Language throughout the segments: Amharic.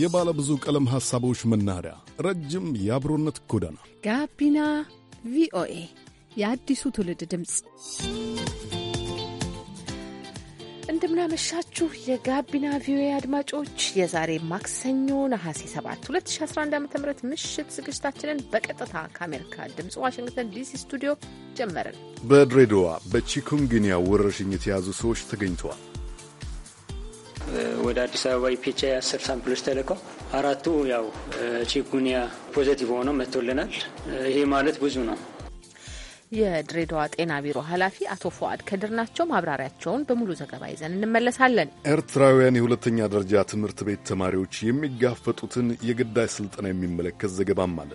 የባለ ብዙ ቀለም ሐሳቦች መናኸሪያ፣ ረጅም የአብሮነት ጎዳና፣ ጋቢና ቪኦኤ የአዲሱ ትውልድ ድምፅ። እንደምናመሻችሁ የጋቢና ቪኦኤ አድማጮች፣ የዛሬ ማክሰኞ ነሐሴ 7 2011 ዓ ም ምሽት ዝግጅታችንን በቀጥታ ከአሜሪካ ድምፅ ዋሽንግተን ዲሲ ስቱዲዮ ጀመርን። በድሬዳዋ በቺኩንግንያ ወረርሽኝ የተያዙ ሰዎች ተገኝተዋል። ወደ አዲስ አበባ ኢፒቻ የአስር ሳምፕሎች ተልከው አራቱ ያው ቺጉኒያ ፖዘቲቭ ሆነው መጥቶልናል። ይሄ ማለት ብዙ ነው። የድሬዳዋ ጤና ቢሮ ኃላፊ አቶ ፎአድ ከድር ናቸው። ማብራሪያቸውን በሙሉ ዘገባ ይዘን እንመለሳለን። ኤርትራውያን የሁለተኛ ደረጃ ትምህርት ቤት ተማሪዎች የሚጋፈጡትን የግዳጅ ስልጠና የሚመለከት ዘገባም አለ።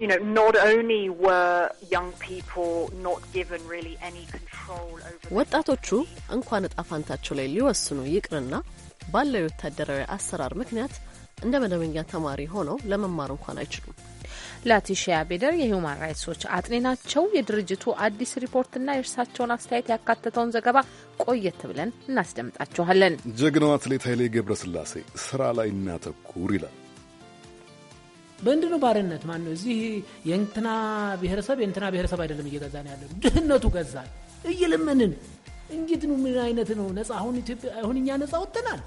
you know, not only were young people not given really any control over ወጣቶቹ እንኳን እጣ ፋንታቸው ላይ ሊወስኑ ይቅርና ባለው የወታደራዊ አሰራር ምክንያት እንደ መደበኛ ተማሪ ሆነው ለመማር እንኳን አይችሉም። ላቲሺያ ቤደር የሂውማን ራይትስ ዎች አጥኔ ናቸው። የድርጅቱ አዲስ ሪፖርትና የእርሳቸውን አስተያየት ያካተተውን ዘገባ ቆየት ብለን እናስደምጣችኋለን። ጀግናው አትሌት ኃይሌ ገብረስላሴ ስራ ላይ እናተኩር ይላል። በእንድ ነው ባርነት ማን ነው እዚህ የእንትና ብሔረሰብ የእንትና ብሔረሰብ አይደለም እየገዛ ነው ያለ ድህነቱ ገዛል እየለመንን እንዴት ነው ምን አይነት ነው ነጻ አሁን ኢትዮጵያ አሁን እኛ ነጻ ወጥተናል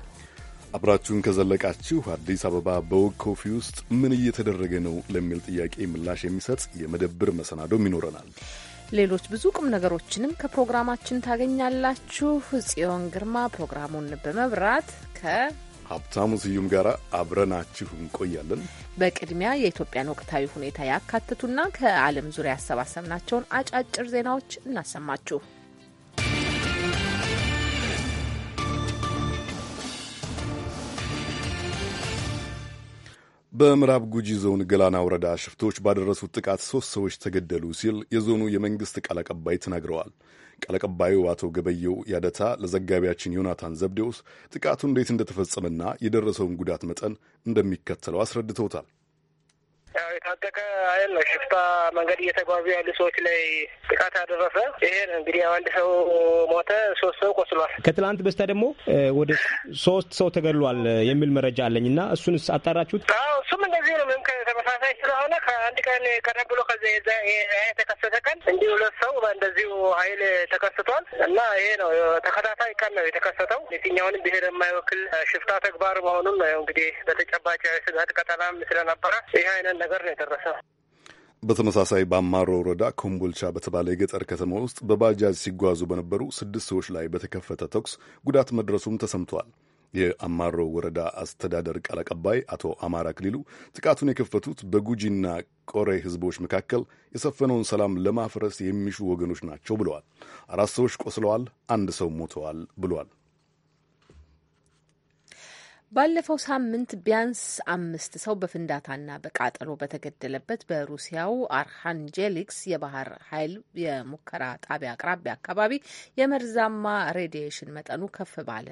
አብራችሁን ከዘለቃችሁ አዲስ አበባ በወግ ኮፊ ውስጥ ምን እየተደረገ ነው ለሚል ጥያቄ ምላሽ የሚሰጥ የመደብር መሰናዶም ይኖረናል ሌሎች ብዙ ቁም ነገሮችንም ከፕሮግራማችን ታገኛላችሁ ጽዮን ግርማ ፕሮግራሙን በመብራት ከ ሀብታሙ ስዩም ጋር አብረናችሁ እንቆያለን። በቅድሚያ የኢትዮጵያን ወቅታዊ ሁኔታ ያካትቱና ከዓለም ዙሪያ ያሰባሰብናቸውን አጫጭር ዜናዎች እናሰማችሁ። በምዕራብ ጉጂ ዞን ገላና ወረዳ ሽፍቶች ባደረሱት ጥቃት ሦስት ሰዎች ተገደሉ ሲል የዞኑ የመንግሥት ቃል አቀባይ ተናግረዋል። ቃል አቀባዩ አቶ ገበየው ያደታ ለዘጋቢያችን ዮናታን ዘብዴውስ ጥቃቱ እንዴት እንደተፈጸመና የደረሰውን ጉዳት መጠን እንደሚከተለው አስረድተውታል። የታጠቀ ኃይል ነው ሽፍታ መንገድ እየተጓዙ ያሉ ሰዎች ላይ ጥቃት ያደረሰ። ይሄ ነው እንግዲህ አንድ ሰው ሞተ፣ ሶስት ሰው ቆስሏል። ከትላንት በስታ ደግሞ ወደ ሶስት ሰው ተገድሏል የሚል መረጃ አለኝ እና እሱንስ አጣራችሁት? እሱም እንደዚህ ነው። ምንም ተመሳሳይ ስለሆነ ከአንድ ቀን ቀደም ብሎ ከዚያ የተከሰተ ቀን እንዲህ ሁለት ሰው በእንደዚሁ ኃይል ተከስቷል እና ይሄ ነው ተከታታይ ቀን ነው የተከሰተው። የትኛውንም ብሄር የማይወክል ሽፍታ ተግባር መሆኑን ነው እንግዲህ በተጨባጭ ስጋት ቀጠናም ስለነበረ ይህ አይነት ነገር ነው የደረሰው። በተመሳሳይ በአማሮ ወረዳ ኮምቦልቻ በተባለ የገጠር ከተማ ውስጥ በባጃጅ ሲጓዙ በነበሩ ስድስት ሰዎች ላይ በተከፈተ ተኩስ ጉዳት መድረሱም ተሰምቷል። የአማሮ ወረዳ አስተዳደር ቃል አቀባይ አቶ አማራ ክሊሉ ጥቃቱን የከፈቱት በጉጂና ቆሬ ህዝቦች መካከል የሰፈነውን ሰላም ለማፍረስ የሚሹ ወገኖች ናቸው ብለዋል። አራት ሰዎች ቆስለዋል፣ አንድ ሰው ሞተዋል ብለዋል። ባለፈው ሳምንት ቢያንስ አምስት ሰው በፍንዳታና በቃጠሎ በተገደለበት በሩሲያው አርሃንጀሊክስ የባህር ኃይል የሙከራ ጣቢያ አቅራቢያ አካባቢ የመርዛማ ሬዲዬሽን መጠኑ ከፍ ባለ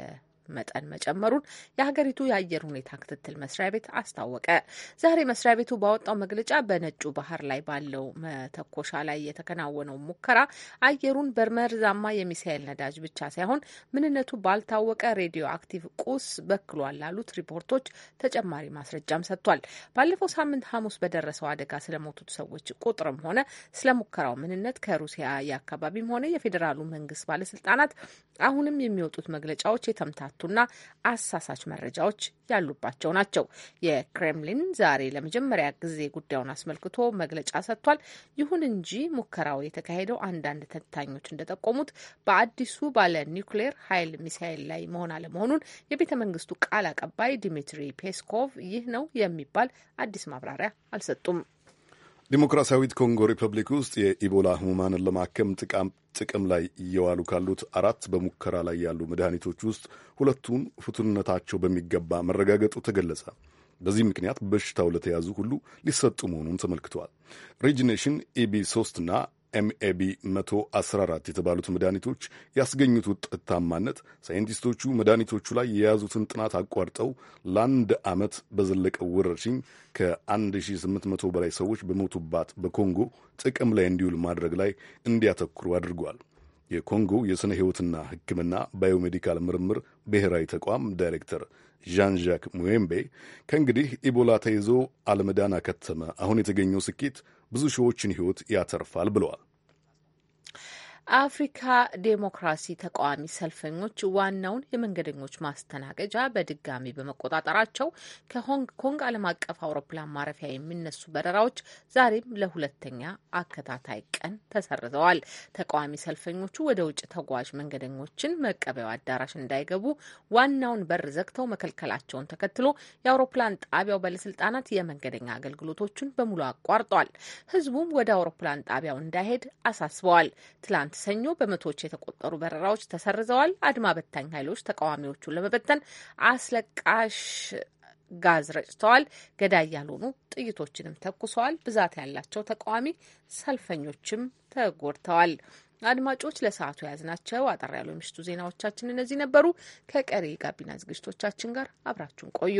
መጠን መጨመሩን የሀገሪቱ የአየር ሁኔታ ክትትል መስሪያ ቤት አስታወቀ። ዛሬ መስሪያ ቤቱ ባወጣው መግለጫ በነጩ ባህር ላይ ባለው መተኮሻ ላይ የተከናወነው ሙከራ አየሩን በመርዛማ የሚሳኤል ነዳጅ ብቻ ሳይሆን ምንነቱ ባልታወቀ ሬዲዮ አክቲቭ ቁስ በክሏል ላሉት ሪፖርቶች ተጨማሪ ማስረጃም ሰጥቷል። ባለፈው ሳምንት ሐሙስ በደረሰው አደጋ ስለሞቱት ሰዎች ቁጥርም ሆነ ስለ ሙከራው ምንነት ከሩሲያ የአካባቢም ሆነ የፌዴራሉ መንግስት ባለስልጣናት አሁንም የሚወጡት መግለጫዎች የተምታ የተምታቱና አሳሳች መረጃዎች ያሉባቸው ናቸው። የክሬምሊን ዛሬ ለመጀመሪያ ጊዜ ጉዳዩን አስመልክቶ መግለጫ ሰጥቷል። ይሁን እንጂ ሙከራው የተካሄደው አንዳንድ ተንታኞች እንደጠቆሙት በአዲሱ ባለ ኒውክሌር ኃይል ሚሳይል ላይ መሆን አለመሆኑን የቤተ መንግስቱ ቃል አቀባይ ዲሚትሪ ፔስኮቭ ይህ ነው የሚባል አዲስ ማብራሪያ አልሰጡም። ዲሞክራሲያዊት ኮንጎ ሪፐብሊክ ውስጥ የኢቦላ ህሙማንን ለማከም ጥቅም ላይ እየዋሉ ካሉት አራት በሙከራ ላይ ያሉ መድኃኒቶች ውስጥ ሁለቱን ፍቱንነታቸው በሚገባ መረጋገጡ ተገለጸ። በዚህ ምክንያት በሽታው ለተያዙ ሁሉ ሊሰጡ መሆኑን ተመልክተዋል። ሬጂኔሽን ኢቢ 3 እና ኤምኤቢ 114 የተባሉት መድኃኒቶች ያስገኙት ውጤታማነት ሳይንቲስቶቹ መድኃኒቶቹ ላይ የያዙትን ጥናት አቋርጠው ለአንድ ዓመት በዘለቀው ወረርሽኝ ከ1800 በላይ ሰዎች በሞቱባት በኮንጎ ጥቅም ላይ እንዲውል ማድረግ ላይ እንዲያተኩሩ አድርጓል። የኮንጎ የሥነ ሕይወትና ሕክምና ባዮሜዲካል ምርምር ብሔራዊ ተቋም ዳይሬክተር ዣን ዣክ ሙዌምቤ ከእንግዲህ ኢቦላ ተይዞ አለመዳን አከተመ። አሁን የተገኘው ስኬት ብዙ ሺዎችን ሕይወት ያተርፋል ብለዋል። አፍሪካ ዴሞክራሲ ተቃዋሚ ሰልፈኞች ዋናውን የመንገደኞች ማስተናገጃ በድጋሚ በመቆጣጠራቸው ከሆንግ ኮንግ ዓለም አቀፍ አውሮፕላን ማረፊያ የሚነሱ በረራዎች ዛሬም ለሁለተኛ አከታታይ ቀን ተሰርዘዋል። ተቃዋሚ ሰልፈኞቹ ወደ ውጭ ተጓዥ መንገደኞችን መቀበያው አዳራሽ እንዳይገቡ ዋናውን በር ዘግተው መከልከላቸውን ተከትሎ የአውሮፕላን ጣቢያው ባለስልጣናት የመንገደኛ አገልግሎቶቹን በሙሉ አቋርጧል። ህዝቡም ወደ አውሮፕላን ጣቢያው እንዳይሄድ አሳስበዋል። ትላንት ትናንት ሰኞ በመቶዎች የተቆጠሩ በረራዎች ተሰርዘዋል። አድማ በታኝ ኃይሎች ተቃዋሚዎቹን ለመበተን አስለቃሽ ጋዝ ረጭተዋል። ገዳይ ያልሆኑ ጥይቶችንም ተኩሰዋል። ብዛት ያላቸው ተቃዋሚ ሰልፈኞችም ተጎድተዋል። አድማጮች ለሰዓቱ የያዝናቸው አጠር ያሉ የምሽቱ ዜናዎቻችን እነዚህ ነበሩ። ከቀሪ ጋቢና ዝግጅቶቻችን ጋር አብራችሁን ቆዩ።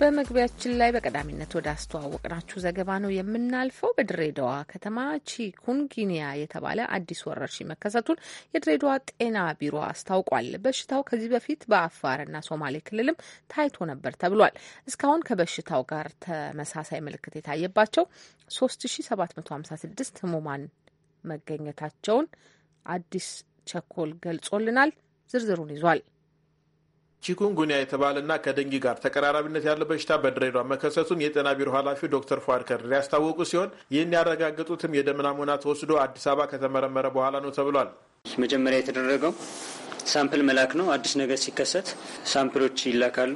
በመግቢያችን ላይ በቀዳሚነት ወደ አስተዋወቅናችሁ ዘገባ ነው የምናልፈው። በድሬዳዋ ከተማ ቺኩንጊኒያ የተባለ አዲስ ወረርሽኝ መከሰቱን የድሬዳዋ ጤና ቢሮ አስታውቋል። በሽታው ከዚህ በፊት በአፋርና ሶማሌ ክልልም ታይቶ ነበር ተብሏል። እስካሁን ከበሽታው ጋር ተመሳሳይ ምልክት የታየባቸው 3756 ህሙማን መገኘታቸውን አዲስ ቸኮል ገልጾልናል። ዝርዝሩን ይዟል። ቺኩንጉኒያ የተባለና ከደንጊ ጋር ተቀራራቢነት ያለው በሽታ በድሬዷ መከሰቱን የጤና ቢሮ ኃላፊው ዶክተር ፏድ ከድር ያስታወቁ ሲሆን ይህን ያረጋገጡትም የደም ናሙና ተወስዶ አዲስ አበባ ከተመረመረ በኋላ ነው ተብሏል። መጀመሪያ የተደረገው ሳምፕል መላክ ነው። አዲስ ነገር ሲከሰት ሳምፕሎች ይላካሉ።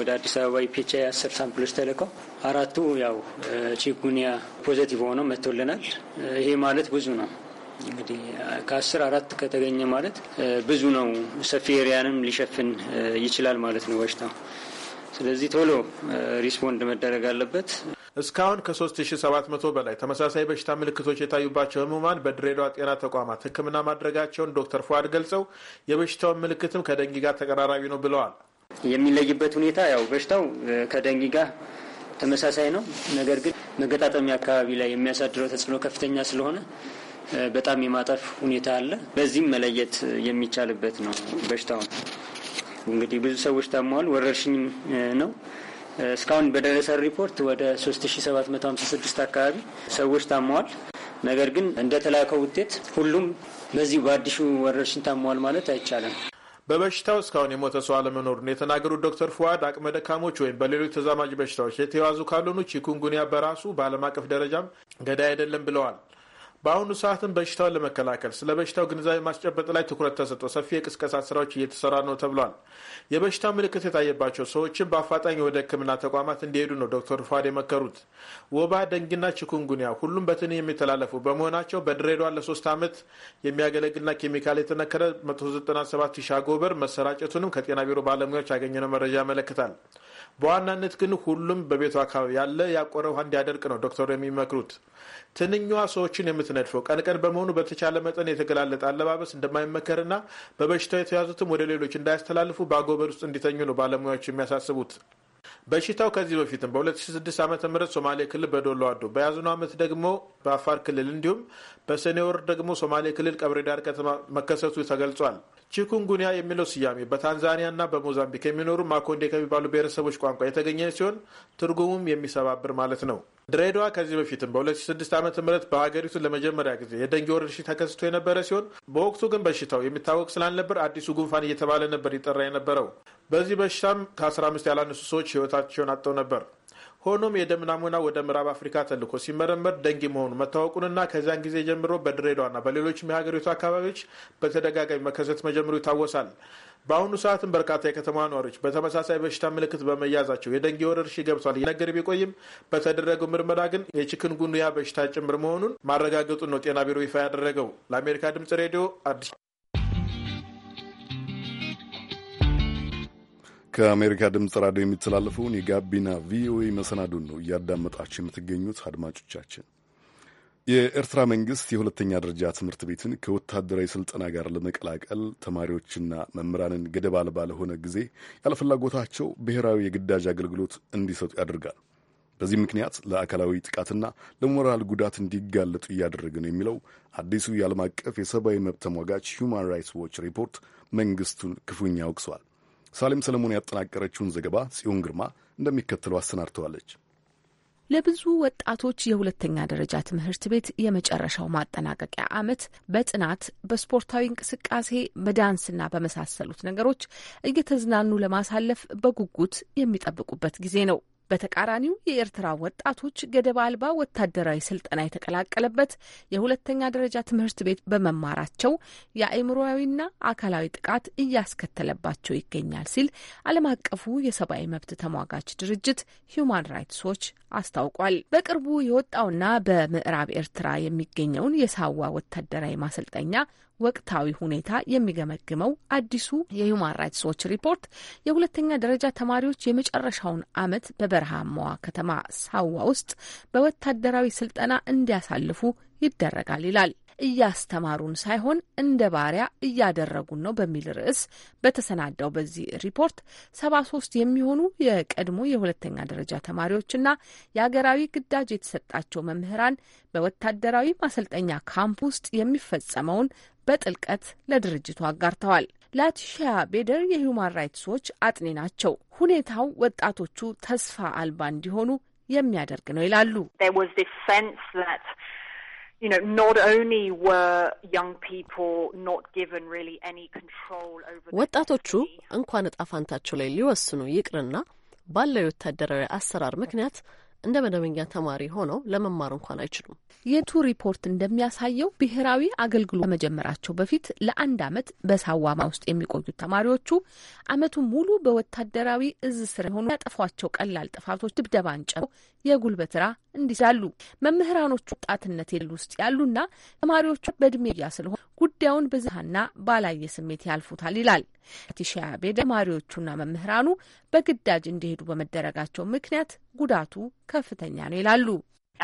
ወደ አዲስ አበባ ኢፒቻ የአስር ሳምፕሎች ተልከው አራቱ ያው ቺኩንያ ፖዘቲቭ ሆነው መጥቶልናል። ይሄ ማለት ብዙ ነው። እንግዲህ ከአስር አራት ከተገኘ ማለት ብዙ ነው። ሰፊ ኤሪያንም ሊሸፍን ይችላል ማለት ነው በሽታው። ስለዚህ ቶሎ ሪስፖንድ መደረግ አለበት። እስካሁን ከ3700 በላይ ተመሳሳይ በሽታ ምልክቶች የታዩባቸው ህሙማን በድሬዳዋ ጤና ተቋማት ሕክምና ማድረጋቸውን ዶክተር ፏድ ገልጸው የበሽታውን ምልክትም ከደንጊ ጋር ተቀራራቢ ነው ብለዋል። የሚለይበት ሁኔታ ያው በሽታው ከደንጊ ጋር ተመሳሳይ ነው። ነገር ግን መገጣጠሚያ አካባቢ ላይ የሚያሳድረው ተጽዕኖ ከፍተኛ ስለሆነ በጣም የማጠፍ ሁኔታ አለ። በዚህም መለየት የሚቻልበት ነው። በሽታውን እንግዲህ ብዙ ሰዎች ታመዋል። ወረርሽኝ ነው። እስካሁን በደረሰ ሪፖርት ወደ 3756 አካባቢ ሰዎች ታመዋል። ነገር ግን እንደተላከው ውጤት ሁሉም በዚህ በአዲሱ ወረርሽኝ ታመዋል ማለት አይቻልም። በበሽታው እስካሁን የሞተ ሰው አለመኖሩን የተናገሩት ዶክተር ፉአድ አቅመ ደካሞች ወይም በሌሎች ተዛማጅ በሽታዎች የተያዙ ካልሆኑ ቺኩንጉኒያ በራሱ በዓለም አቀፍ ደረጃም ገዳይ አይደለም ብለዋል። በአሁኑ ሰዓትም በሽታውን ለመከላከል ስለ በሽታው ግንዛቤ ማስጨበጥ ላይ ትኩረት ተሰጥቶ ሰፊ የቅስቀሳ ስራዎች እየተሰራ ነው ተብሏል። የበሽታው ምልክት የታየባቸው ሰዎችም በአፋጣኝ ወደ ሕክምና ተቋማት እንዲሄዱ ነው ዶክተር ፏድ የመከሩት። ወባ፣ ደንግና ችኩንጉኒያ ሁሉም በትን የሚተላለፉ በመሆናቸው በድሬዷ ለሶስት ዓመት የሚያገለግልና ኬሚካል የተነከረ 197 ሺህ አጎበር መሰራጨቱንም ከጤና ቢሮ ባለሙያዎች ያገኘነው መረጃ ያመለክታል። በዋናነት ግን ሁሉም በቤቱ አካባቢ ያለ ያቆረ ውሃ እንዲያደርቅ ነው ዶክተሩ የሚመክሩት። ትንኛዋ ሰዎችን የምትነድፈው ቀን ቀን በመሆኑ በተቻለ መጠን የተገላለጠ አለባበስ እንደማይመከርና በበሽታው የተያዙትም ወደ ሌሎች እንዳያስተላልፉ በአጎበር ውስጥ እንዲተኙ ነው ባለሙያዎች የሚያሳስቡት። በሽታው ከዚህ በፊትም በ2006 ዓ ም ሶማሌ ክልል በዶሎ አዶ በያዝኑ ዓመት ደግሞ በአፋር ክልል እንዲሁም በሰኔ ወር ደግሞ ሶማሌ ክልል ቀብሬ ዳር ከተማ መከሰቱ ተገልጿል። ቺኩንጉኒያ የሚለው ስያሜ በታንዛኒያና በሞዛምቢክ የሚኖሩ ማኮንዴ ከሚባሉ ብሔረሰቦች ቋንቋ የተገኘ ሲሆን ትርጉሙም የሚሰባብር ማለት ነው። ድሬዳዋ ከዚህ በፊትም በ2006 ዓ ም በሀገሪቱ ለመጀመሪያ ጊዜ የደንጌ ወረርሽኝ ተከስቶ የነበረ ሲሆን በወቅቱ ግን በሽታው የሚታወቅ ስላልነበር አዲሱ ጉንፋን እየተባለ ነበር ይጠራ የነበረው። በዚህ በሽታም ከ15 ያላነሱ ሰዎች ህይወታቸውን አጥተው ነበር። ሆኖም የደም ናሙና ወደ ምዕራብ አፍሪካ ተልኮ ሲመረመር ደንግ መሆኑ መታወቁንና ከዚያን ጊዜ ጀምሮ በድሬዳዋና በሌሎችም የሀገሪቱ አካባቢዎች በተደጋጋሚ መከሰት መጀመሩ ይታወሳል። በአሁኑ ሰዓትም በርካታ የከተማ ነዋሪዎች በተመሳሳይ በሽታ ምልክት በመያዛቸው የደንጊ ወረርሽ ገብቷል እየነገር ቢቆይም በተደረገው ምርመራ ግን የችክንጉንያ ጉንያ በሽታ ጭምር መሆኑን ማረጋገጡን ነው ጤና ቢሮ ይፋ ያደረገው። ለአሜሪካ ድምጽ ሬዲዮ አዲስ ከአሜሪካ ድምፅ ራዲዮ የሚተላለፈውን የጋቢና ቪኦኤ መሰናዱን ነው እያዳመጣችሁ የምትገኙት አድማጮቻችን። የኤርትራ መንግስት የሁለተኛ ደረጃ ትምህርት ቤትን ከወታደራዊ ስልጠና ጋር ለመቀላቀል ተማሪዎችና መምህራንን ገደብ አልባ ለሆነ ጊዜ ያለፍላጎታቸው ብሔራዊ የግዳጅ አገልግሎት እንዲሰጡ ያደርጋል። በዚህ ምክንያት ለአካላዊ ጥቃትና ለሞራል ጉዳት እንዲጋለጡ እያደረገ ነው የሚለው አዲሱ የዓለም አቀፍ የሰብአዊ መብት ተሟጋች ሁማን ራይትስ ዎች ሪፖርት መንግስቱን ክፉኛ አውቅሷል። ሳሌም ሰለሞን ያጠናቀረችውን ዘገባ ጽዮን ግርማ እንደሚከተለው አሰናድተዋለች። ለብዙ ወጣቶች የሁለተኛ ደረጃ ትምህርት ቤት የመጨረሻው ማጠናቀቂያ ዓመት በጥናት በስፖርታዊ እንቅስቃሴ በዳንስና በመሳሰሉት ነገሮች እየተዝናኑ ለማሳለፍ በጉጉት የሚጠብቁበት ጊዜ ነው። በተቃራኒው የኤርትራ ወጣቶች ገደብ አልባ ወታደራዊ ስልጠና የተቀላቀለበት የሁለተኛ ደረጃ ትምህርት ቤት በመማራቸው የአእምሮዊና አካላዊ ጥቃት እያስከተለባቸው ይገኛል ሲል ዓለም አቀፉ የሰብአዊ መብት ተሟጋች ድርጅት ሂዩማን ራይትስ ዎች አስታውቋል። በቅርቡ የወጣውና በምዕራብ ኤርትራ የሚገኘውን የሳዋ ወታደራዊ ማሰልጠኛ ወቅታዊ ሁኔታ የሚገመግመው አዲሱ የሁማን ራይትስ ዎች ሪፖርት የሁለተኛ ደረጃ ተማሪዎች የመጨረሻውን ዓመት በበረሃማዋ ከተማ ሳዋ ውስጥ በወታደራዊ ስልጠና እንዲያሳልፉ ይደረጋል ይላል። እያስተማሩን ሳይሆን እንደ ባሪያ እያደረጉን ነው በሚል ርዕስ በተሰናዳው በዚህ ሪፖርት ሰባ ሶስት የሚሆኑ የቀድሞ የሁለተኛ ደረጃ ተማሪዎችና የሀገራዊ ግዳጅ የተሰጣቸው መምህራን በወታደራዊ ማሰልጠኛ ካምፕ ውስጥ የሚፈጸመውን በጥልቀት ለድርጅቱ አጋርተዋል። ላቲሺያ ቤደር የሁማን ራይትስ ዎች አጥኔ ናቸው። ሁኔታው ወጣቶቹ ተስፋ አልባ እንዲሆኑ የሚያደርግ ነው ይላሉ። ወጣቶቹ እንኳን እጣ ፋንታቸው ላይ ሊወስኑ ይቅርና ባለው የወታደራዊ አሰራር ምክንያት እንደ መደበኛ ተማሪ ሆነው ለመማር እንኳን አይችሉም። የቱ ሪፖርት እንደሚያሳየው ብሔራዊ አገልግሎት ከመጀመራቸው በፊት ለአንድ ዓመት በሳዋማ ውስጥ የሚቆዩት ተማሪዎቹ ዓመቱን ሙሉ በወታደራዊ እዝ ስር ሆኑ ያጠፏቸው ቀላል ጥፋቶች ድብደባን ጨምሮ የጉልበት ስራ እንዲላሉ መምህራኖቹ ወጣትነት የሉ ውስጥ ያሉና ተማሪዎቹ በእድሜ ያ ስለሆነ ጉዳዩን ብዝሃና ባላየ ስሜት ያልፉታል ይላል። ቲሻያ ቤደ ተማሪዎቹና መምህራኑ በግዳጅ እንዲሄዱ በመደረጋቸው ምክንያት ጉዳቱ ከፍተኛ ነው ይላሉ።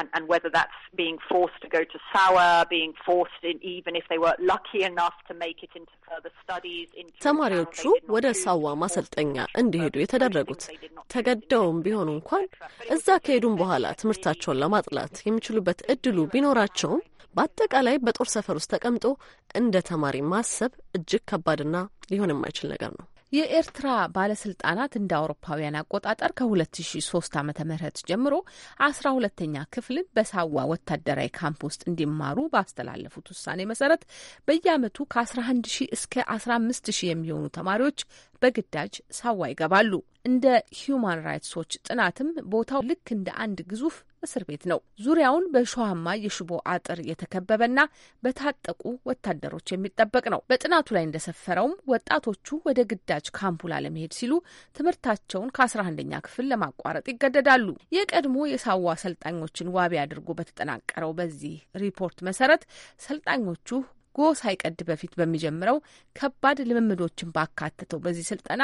And, and whether that's being forced to go to SAWA, being forced in, even if they were lucky enough to make it into further studies. ተማሪዎቹ ወደ ሳዋ ማሰልጠኛ እንዲሄዱ የተደረጉት ተገደውም ቢሆኑ እንኳን እዛ ከሄዱም በኋላ ትምህርታቸውን ለማጥላት የሚችሉበት እድሉ ቢኖራቸውም በአጠቃላይ በጦር ሰፈር ውስጥ ተቀምጦ እንደ ተማሪ ማሰብ እጅግ ከባድና ሊሆን የማይችል ነገር ነው። የኤርትራ ባለስልጣናት እንደ አውሮፓውያን አቆጣጠር ከ2003 ዓ ም ጀምሮ 12 ሁለተኛ ክፍልን በሳዋ ወታደራዊ ካምፕ ውስጥ እንዲማሩ ባስተላለፉት ውሳኔ መሰረት በየአመቱ ከ11 ሺህ እስከ 15 ሺህ የሚሆኑ ተማሪዎች በግዳጅ ሳዋ ይገባሉ። እንደ ሂዩማን ራይትስ ዎች ጥናትም ቦታው ልክ እንደ አንድ ግዙፍ እስር ቤት ነው። ዙሪያውን በእሾሃማ የሽቦ አጥር የተከበበና በታጠቁ ወታደሮች የሚጠበቅ ነው። በጥናቱ ላይ እንደሰፈረውም ወጣቶቹ ወደ ግዳጅ ካምፑ ላለመሄድ ሲሉ ትምህርታቸውን ከ11ኛ ክፍል ለማቋረጥ ይገደዳሉ። የቀድሞ የሳዋ ሰልጣኞችን ዋቢ አድርጎ በተጠናቀረው በዚህ ሪፖርት መሰረት ሰልጣኞቹ ጎ ሳይቀድ በፊት በሚጀምረው ከባድ ልምምዶችን ባካተተው በዚህ ስልጠና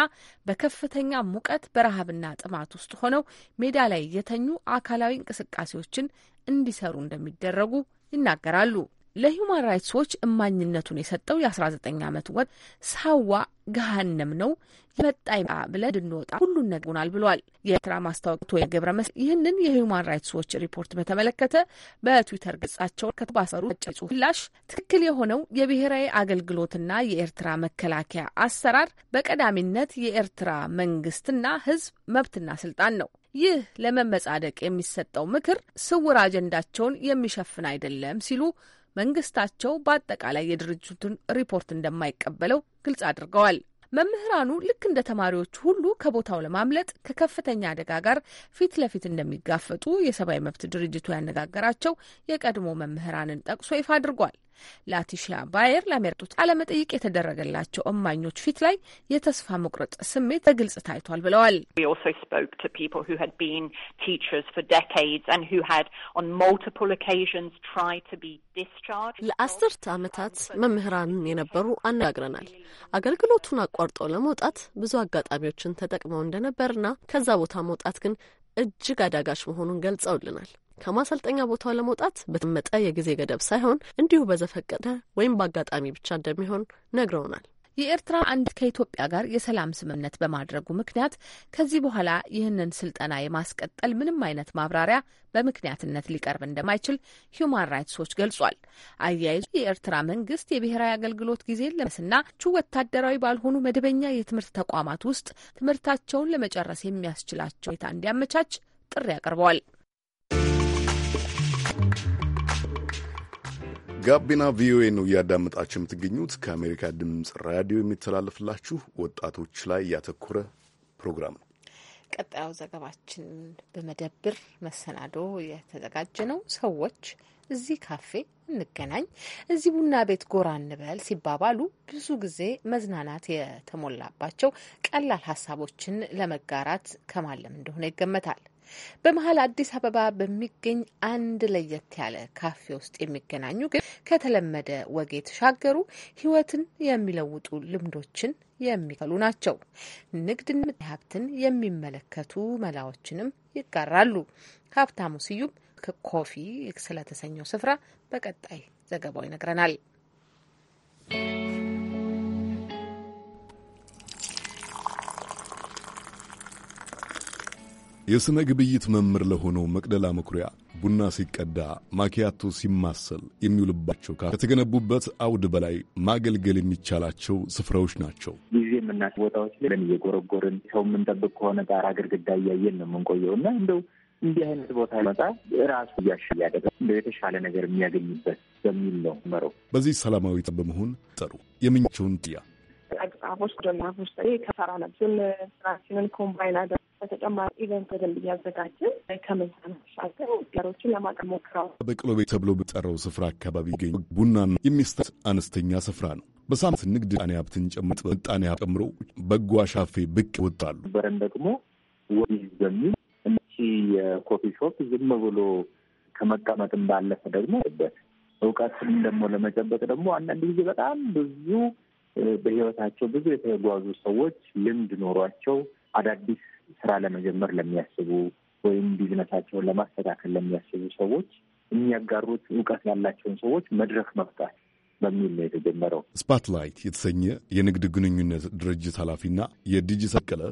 በከፍተኛ ሙቀት በረሃብና ጥማት ውስጥ ሆነው ሜዳ ላይ የተኙ አካላዊ እንቅስቃሴዎችን እንዲሰሩ እንደሚደረጉ ይናገራሉ። ለሂውማን ራይትስ ዎች እማኝነቱን የሰጠው የ19 ዓመት ወጥ ሳዋ ገሃነም ነው የመጣይ ብለ እንድንወጣ ሁሉን ነግቦናል ብሏል። የኤርትራ ማስታወቂያ መስ ይህንን የሂውማን ራይትስ ዎች ሪፖርት በተመለከተ በትዊተር ገጻቸው ከተባሰሩ ጭ ምላሽ ትክክል የሆነው የብሔራዊ አገልግሎትና የኤርትራ መከላከያ አሰራር በቀዳሚነት የኤርትራ መንግስትና ህዝብ መብትና ስልጣን ነው። ይህ ለመመጻደቅ የሚሰጠው ምክር ስውር አጀንዳቸውን የሚሸፍን አይደለም ሲሉ መንግስታቸው በአጠቃላይ የድርጅቱን ሪፖርት እንደማይቀበለው ግልጽ አድርገዋል። መምህራኑ ልክ እንደ ተማሪዎቹ ሁሉ ከቦታው ለማምለጥ ከከፍተኛ አደጋ ጋር ፊት ለፊት እንደሚጋፈጡ የሰብአዊ መብት ድርጅቱ ያነጋገራቸው የቀድሞ መምህራንን ጠቅሶ ይፋ አድርጓል። ላቲሺያ ባየር ለአሜሪካቱት አለመጠይቅ የተደረገላቸው እማኞች ፊት ላይ የተስፋ መቁረጥ ስሜት በግልጽ ታይቷል ብለዋል። ለአስርት ዓመታት መምህራንን የነበሩ አነጋግረናል። አገልግሎቱን አቋርጠው ለመውጣት ብዙ አጋጣሚዎችን ተጠቅመው እንደነበርና ከዛ ቦታ መውጣት ግን እጅግ አዳጋች መሆኑን ገልጸውልናል። ከማሰልጠኛ ቦታው ለመውጣት በተመጠ የጊዜ ገደብ ሳይሆን እንዲሁ በዘፈቀደ ወይም በአጋጣሚ ብቻ እንደሚሆን ነግረውናል። የኤርትራ አንድ ከኢትዮጵያ ጋር የሰላም ስምምነት በማድረጉ ምክንያት ከዚህ በኋላ ይህንን ስልጠና የማስቀጠል ምንም አይነት ማብራሪያ በምክንያትነት ሊቀርብ እንደማይችል ሂዩማን ራይትስ ዎች ገልጿል። አያይዞ የኤርትራ መንግስት የብሔራዊ አገልግሎት ጊዜን ለመስና ወታደራዊ ባልሆኑ መደበኛ የትምህርት ተቋማት ውስጥ ትምህርታቸውን ለመጨረስ የሚያስችላቸው ሁኔታ እንዲያመቻች ጥሪ አቅርበዋል። ጋቢና ቪኦኤ ነው እያዳመጣችሁ የምትገኙት። ከአሜሪካ ድምፅ ራዲዮ የሚተላለፍላችሁ ወጣቶች ላይ ያተኮረ ፕሮግራም ነው። ቀጣዩ ዘገባችን በመደብር መሰናዶ የተዘጋጀ ነው። ሰዎች እዚህ ካፌ እንገናኝ፣ እዚህ ቡና ቤት ጎራ እንበል ሲባባሉ ብዙ ጊዜ መዝናናት የተሞላባቸው ቀላል ሀሳቦችን ለመጋራት ከማለም እንደሆነ ይገመታል። በመሀል አዲስ አበባ በሚገኝ አንድ ለየት ያለ ካፌ ውስጥ የሚገናኙ ግን ከተለመደ ወግ የተሻገሩ ህይወትን የሚለውጡ ልምዶችን የሚከሉ ናቸው። ንግድን፣ ሀብትን የሚመለከቱ መላዎችንም ይጋራሉ። ሀብታሙ ስዩም ከኮፊ ስለተሰኘው ስፍራ በቀጣይ ዘገባው ይነግረናል። የሥነ ግብይት መምህር ለሆነው መቅደላ መኩሪያ ቡና ሲቀዳ ማኪያቶ ሲማሰል የሚውልባቸው ከተገነቡበት አውድ በላይ ማገልገል የሚቻላቸው ስፍራዎች ናቸው። ጊዜ የምና ቦታዎች ላይ እየጎረጎርን ሰው የምንጠብቅ ከሆነ ጋር ግድግዳ እያየን ነው የምንቆየው እና እንደው እንዲህ አይነት ቦታ መጣ ራሱ እያሽ እያደረ እንደ የተሻለ ነገር የሚያገኝበት በሚል ነው መረው በዚህ ሰላማዊ በመሆን ጠሩ የምኛቸውን ጥያ አቅጣቦች ደማፍ ውስጥ ከሰራ ነብስን ስራችንን ኮምባይን አደ በተጨማሪ ኢቨንት በደንብ እያዘጋጅን ከመዛ መሻገር ገሮችን ለማቅረብ ሞክረዋል። በቅሎ ቤት ተብሎ በጠራው ስፍራ አካባቢ ይገኝ ቡናና የሚስታት አነስተኛ ስፍራ ነው። በሳምንት ንግድ ጣኔ ሀብትን ጨምጥ ጣኔ ጨምሮ በጎ አሻፌ ብቅ ይወጣሉ። በረን ደግሞ ወዲህ በሚል እቺ የኮፊ ሾፕ ዝም ብሎ ከመቀመጥም ባለፈ ደግሞ በት እውቀትም ደግሞ ለመጨበጥ ደግሞ አንዳንድ ጊዜ በጣም ብዙ በህይወታቸው ብዙ የተጓዙ ሰዎች ልምድ ኖሯቸው አዳዲስ ስራ ለመጀመር ለሚያስቡ ወይም ቢዝነሳቸውን ለማስተካከል ለሚያስቡ ሰዎች የሚያጋሩት እውቀት ያላቸውን ሰዎች መድረክ መፍጣት በሚል ነው የተጀመረው። ስፓትላይት የተሰኘ የንግድ ግንኙነት ድርጅት ኃላፊና የዲጂታል ቀለ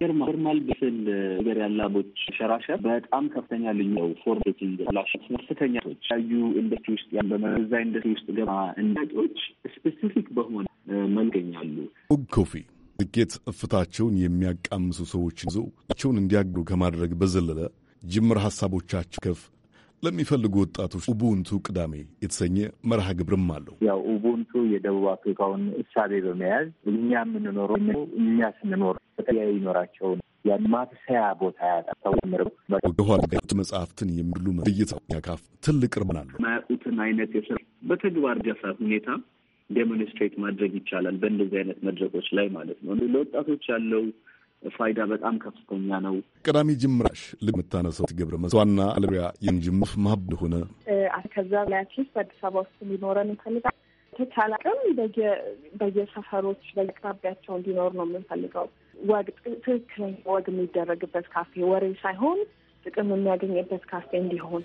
ጀርማል ብስል ነገር ያላቦች ሸራሸር በጣም ከፍተኛ ልዩ ነው። ፎርሜቲንግ ላሽ ከፍተኛ ያዩ ኢንዱስትሪ ውስጥ በዛ ኢንዱስትሪ ውስጥ ገባ እንዳጮች ስፔሲፊክ በሆነ መልገኛሉ ኮፊ ጥቂት እፍታቸውን የሚያቃምሱ ሰዎችን ቸውን እንዲያግዱ ከማድረግ በዘለለ ጅምር ሀሳቦቻቸው ከፍ ለሚፈልጉ ወጣቶች ኡቡንቱ ቅዳሜ የተሰኘ መርሃ ግብርም አለው። ያው ኡቡንቱ የደቡብ አፍሪካውን እሳቤ በመያዝ እኛ የምንኖረው እኛ ስንኖር በተለያዩ ይኖራቸውን የማፍሰያ ቦታ ያጣሰውምርበኋላ መጽሐፍትን የሚሉ ብይታ ያካፍ ትልቅ ርብናለሁ ማያውቁትን አይነት የስራ በተግባር ገፋ ሁኔታ ዴሞንስትሬት ማድረግ ይቻላል በእንደዚህ አይነት መድረኮች ላይ ማለት ነው። ለወጣቶች ያለው ፋይዳ በጣም ከፍተኛ ነው። ቀዳሚ ጅምራሽ ልምታነሰው ገብረ መስዋዕትና አለቢያ የንጅምፍ ማህብ ሆነ ከዛ ላይ አትሊስት አዲስ አበባ ውስጥ እንዲኖረን እንፈልጋለን። ተቻለ አቅም በየሰፈሮች በየአቅራቢያቸው እንዲኖር ነው የምንፈልገው። ወግ ትክክለኛ ወግ የሚደረግበት ካፌ፣ ወሬ ሳይሆን ጥቅም የሚያገኝበት ካፌ እንዲሆን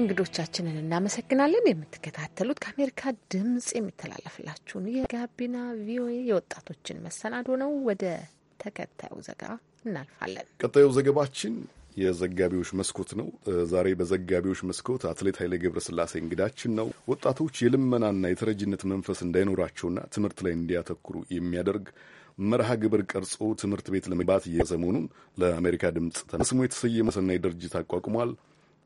እንግዶቻችንን እናመሰግናለን። የምትከታተሉት ከአሜሪካ ድምጽ የሚተላለፍላችሁን የጋቢና ቪኦኤ የወጣቶችን መሰናዶ ነው። ወደ ተከታዩ ዘገባ እናልፋለን። ቀጣዩ ዘገባችን የዘጋቢዎች መስኮት ነው። ዛሬ በዘጋቢዎች መስኮት አትሌት ኃይሌ ገብረስላሴ እንግዳችን ነው። ወጣቶች የልመናና የተረጅነት መንፈስ እንዳይኖራቸውና ትምህርት ላይ እንዲያተኩሩ የሚያደርግ መርሃ ግብር ቀርጾ ትምህርት ቤት ለመግባት የሰሞኑን ለአሜሪካ ድምፅ ተስሞ የተሰየመ ሰናይ ድርጅት አቋቁሟል።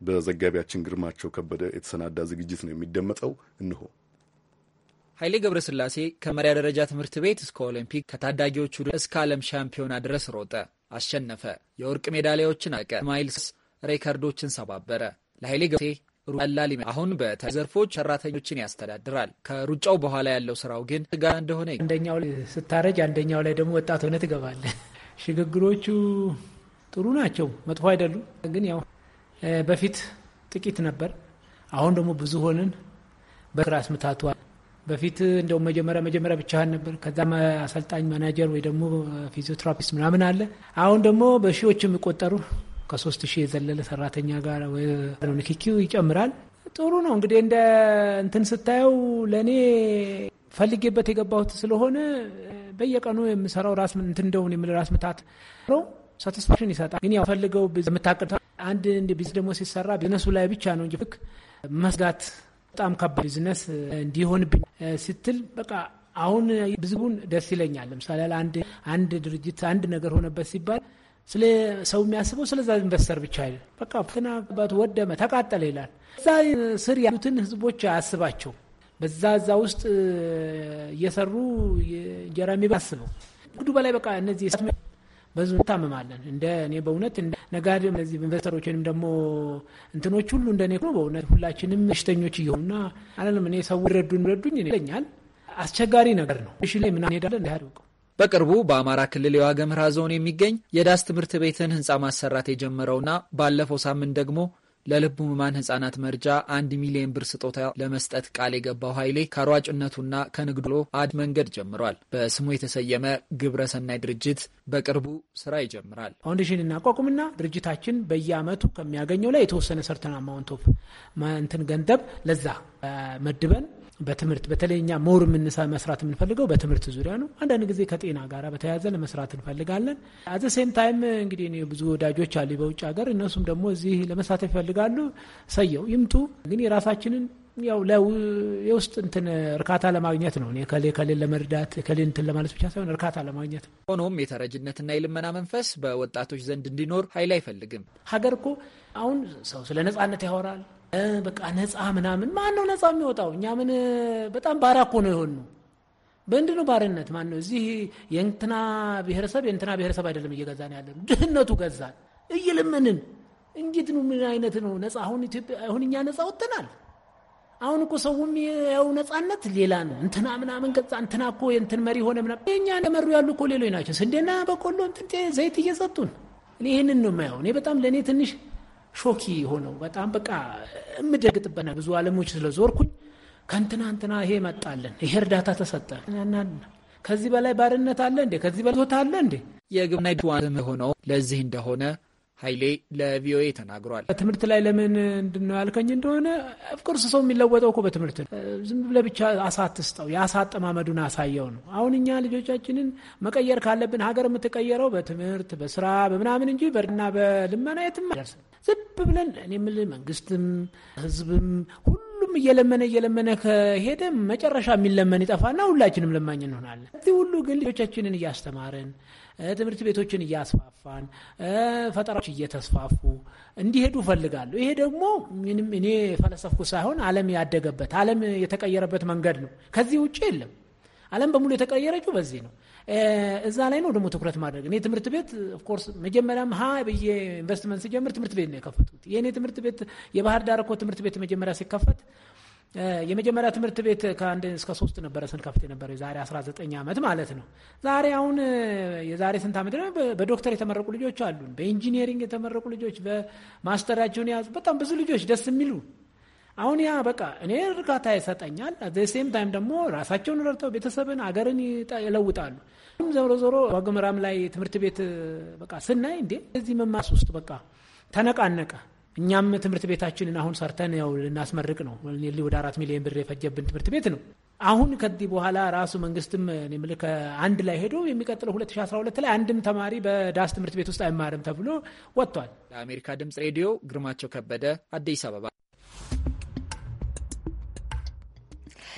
በዘጋቢያችን ግርማቸው ከበደ የተሰናዳ ዝግጅት ነው የሚደመጠው። እንሆ ኃይሌ ገብረስላሴ ከመሪያ ደረጃ ትምህርት ቤት እስከ ኦሎምፒክ ከታዳጊዎቹ እስከ ዓለም ሻምፒዮና ድረስ ሮጠ፣ አሸነፈ፣ የወርቅ ሜዳሊያዎችን አቀ ማይልስ ሬከርዶችን ሰባበረ። ለኃይሌ ገብረሴ ቀላል አሁን በተለያዩ ሰራተኞችን ያስተዳድራል። ከሩጫው በኋላ ያለው ስራው ግን ጋ እንደሆነ አንደኛው ስታረጅ አንደኛው ላይ ደግሞ ወጣት ሆነ ትገባለ። ሽግግሮቹ ጥሩ ናቸው፣ መጥፎ አይደሉም። ግን ያው በፊት ጥቂት ነበር፣ አሁን ደግሞ ብዙ ሆንን። በራስ ምታቷ በፊት እንደውም መጀመሪያ መጀመሪያ ብቻህን ነበር። ከዛ አሰልጣኝ ማናጀር፣ ወይ ደግሞ ፊዚዮትራፒስት ምናምን አለ። አሁን ደግሞ በሺዎች የሚቆጠሩ ከሶስት ሺህ የዘለለ ሰራተኛ ጋር ንክኪው ይጨምራል። ጥሩ ነው እንግዲህ እንደ እንትን ስታየው ለእኔ ፈልጌበት የገባሁት ስለሆነ በየቀኑ የምሰራው ራስ እንትን እንደሆን የምል ራስ ምታት ነው። ሳቲስፋክሽን ይሰጣል። ግን ያው ፈልገው የምታቅድ አንድ እንደ ቢዝ ደግሞ ሲሰራ ቢዝነሱ ላይ ብቻ ነው እንጂ መስጋት በጣም ከባድ ቢዝነስ እንዲሆንብኝ ስትል በቃ አሁን ህዝቡን ደስ ይለኛል። ለምሳሌ አንድ አንድ ድርጅት አንድ ነገር ሆነበት ሲባል ስለ ሰው የሚያስበው ስለዛ ኢንቨስተር ብቻ ይል በቃ ፍትና ባት ወደመ፣ ተቃጠለ ይላል። እዛ ስር ያሉትን ህዝቦች አያስባቸው። በዛ እዛ ውስጥ እየሰሩ እንጀራ የሚበላ አስበው ጉዱ በላይ በቃ እነዚህ በዙ እንታመማለን። እንደ እኔ በእውነት ነጋዴ እነዚህ ኢንቨስተሮች ወይም ደግሞ እንትኖች ሁሉ እንደ እኔ በእውነት ሁላችንም በሽተኞች እየሆኑና አለም እኔ ሰው ረዱን ረዱኝ ይለኛል። አስቸጋሪ ነገር ነው። እሺ ላይ ምናምን ሄዳለን ያደውቀው በቅርቡ በአማራ ክልል የዋገምራ ዞን የሚገኝ የዳስ ትምህርት ቤትን ህንፃ ማሰራት የጀመረውና ባለፈው ሳምንት ደግሞ ለልቡ ህሙማን ህጻናት መርጃ አንድ ሚሊዮን ብር ስጦታ ለመስጠት ቃል የገባው ኃይሌ ከሯጭነቱና ከንግዱ አድ መንገድ ጀምሯል። በስሙ የተሰየመ ግብረሰናይ ድርጅት በቅርቡ ስራ ይጀምራል። ፋውንዴሽን እናቋቁምና ድርጅታችን በየአመቱ ከሚያገኘው ላይ የተወሰነ ሰርተን አማውንት እንትን ገንዘብ ለዛ መድበን በትምህርት በተለይ እኛ መውር መስራት የምንፈልገው በትምህርት ዙሪያ ነው። አንዳንድ ጊዜ ከጤና ጋር በተያያዘ ለመስራት እንፈልጋለን። አዘ ሴም ታይም እንግዲህ እኔ ብዙ ወዳጆች አሉ በውጭ ሀገር፣ እነሱም ደግሞ እዚህ ለመስራት ይፈልጋሉ። ሰየው ይምጡ። ግን የራሳችንን ያው የውስጥ እንትን እርካታ ለማግኘት ነው። ከሌ ከሌን ለመርዳት ከሌ እንትን ለማለት ብቻ ሳይሆን እርካታ ለማግኘት ነው። ሆኖም የተረጅነትና የልመና መንፈስ በወጣቶች ዘንድ እንዲኖር ኃይል አይፈልግም። ሀገር እኮ አሁን ሰው ስለ ነጻነት ያወራል በቃ ነፃ ምናምን ማን ነው ነፃ የሚወጣው? እኛ ምን በጣም ባሪያ እኮ ነው የሆኑ በእንድኑ ባርነት? ማን ነው እዚህ የእንትና ብሔረሰብ የእንትና ብሔረሰብ አይደለም እየገዛን ያለ ድህነቱ ገዛን እይልምንን እንጂት ነው? ምን አይነት ነው ነፃ? አሁን ኢትዮጵያ አሁን እኛ ነፃ ወጥተናል። አሁን እኮ ሰውም ያው ነፃነት ሌላ ነው። እንትና ምናምን ገዛ እንትና እኮ የእንትን መሪ ሆነ ምናምን የእኛ መሩ ያሉ እኮ ሌሎች ናቸው። ስንዴና በቆሎ እንትን ዘይት እየሰጡን እኔ ይህንን ነው የማየው። እኔ በጣም ለእኔ ትንሽ ሾኪ ሆነው በጣም በቃ የምደግጥበት ብዙ አለሞች ስለዞርኩኝ ከእንትና እንትና ይሄ መጣለን፣ ይሄ እርዳታ ተሰጠ። ከዚህ በላይ ባርነት አለ እንዴ? ከዚህ በላይ ዞታ አለ እንዴ? የግብና ዋን የሆነው ለዚህ እንደሆነ ኃይሌ ለቪኦኤ ተናግሯል። በትምህርት ላይ ለምን እንድነው ያልከኝ እንደሆነ ፍቅርስ ሰው የሚለወጠው እኮ በትምህርት ዝም ብለህ ብቻ አሳትስጠው የአሳ አጠማመዱን አሳየው ነው። አሁን እኛ ልጆቻችንን መቀየር ካለብን ሀገር የምትቀየረው በትምህርት በስራ በምናምን እንጂ በድና በልመና የትም አይደርስም። ዝብ ብለን እኔ የምልህ መንግስትም ህዝብም ሁሉም እየለመነ እየለመነ ከሄደ መጨረሻ የሚለመን ይጠፋና ሁላችንም ለማኝ እንሆናለን። እዚህ ሁሉ ግን ልጆቻችንን እያስተማርን ትምህርት ቤቶችን እያስፋፋን ፈጠራዎች እየተስፋፉ እንዲሄዱ እፈልጋለሁ። ይሄ ደግሞ ምንም እኔ ፈለሰፍኩ ሳይሆን ዓለም ያደገበት ዓለም የተቀየረበት መንገድ ነው። ከዚህ ውጭ የለም። ዓለም በሙሉ የተቀየረችው በዚህ ነው። እዛ ላይ ነው ደግሞ ትኩረት ማድረግ። እኔ ትምህርት ቤት ኦፍኮርስ መጀመሪያም ሀ ብዬ ኢንቨስትመንት ሲጀምር ትምህርት ቤት ነው የከፈቱት። የእኔ ትምህርት ቤት የባህር ዳር እኮ ትምህርት ቤት መጀመሪያ ሲከፈት የመጀመሪያ ትምህርት ቤት ከአንድ እስከ ሶስት ነበረ ስንከፍት የነበረው የዛሬ 19 ዓመት ማለት ነው። ዛሬ አሁን የዛሬ ስንት ዓመት ደግሞ በዶክተር የተመረቁ ልጆች አሉን፣ በኢንጂኒሪንግ የተመረቁ ልጆች፣ በማስተራቸውን የያዙ በጣም ብዙ ልጆች ደስ የሚሉ አሁን ያ በቃ እኔ እርካታ ይሰጠኛል። አት ሴም ታይም ደግሞ ራሳቸውን ረድተው ቤተሰብን አገርን ይለውጣሉ። ዞሮ ዞሮ ዋግምራም ላይ ትምህርት ቤት በቃ ስናይ እንዴ እዚህ መማስ ውስጥ በቃ ተነቃነቀ። እኛም ትምህርት ቤታችንን አሁን ሰርተን ያው ልናስመርቅ ነው። ወደ አራት ሚሊዮን ብር የፈጀብን ትምህርት ቤት ነው። አሁን ከዚህ በኋላ ራሱ መንግስትም ምልክ ላይ ሄዶ የሚቀጥለው 2012 ላይ አንድም ተማሪ በዳስ ትምህርት ቤት ውስጥ አይማርም ተብሎ ወጥቷል። ለአሜሪካ ድምፅ ሬዲዮ ግርማቸው ከበደ አዲስ አበባ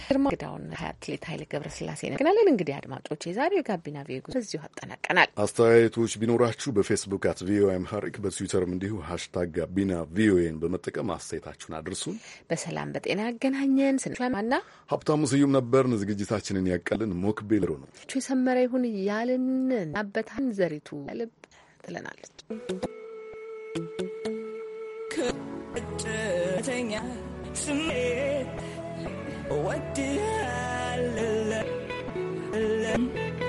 ግርማ ግዳውና ሀያ አትሌት ኃይሌ ገብረስላሴ ነግናለን። እንግዲህ አድማጮች የዛሬው የጋቢና ቪኦኤ ጉዞ በዚሁ አጠናቀናል። አስተያየቶች ቢኖራችሁ በፌስቡክ አት ቪኦኤ አምሃሪክ በትዊተርም እንዲሁ ሀሽታግ ጋቢና ቪኦኤን በመጠቀም አስተያየታችሁን አድርሱን። በሰላም በጤና ያገናኘን ስንሻማና ሀብታሙ ስዩም ነበርን። ዝግጅታችንን ያቀልን ሞክቤል ሮ ነው የሰመረ ይሁን ያልን ናበታን ዘሪቱ ልብ ትለናለች። ስሜት What did I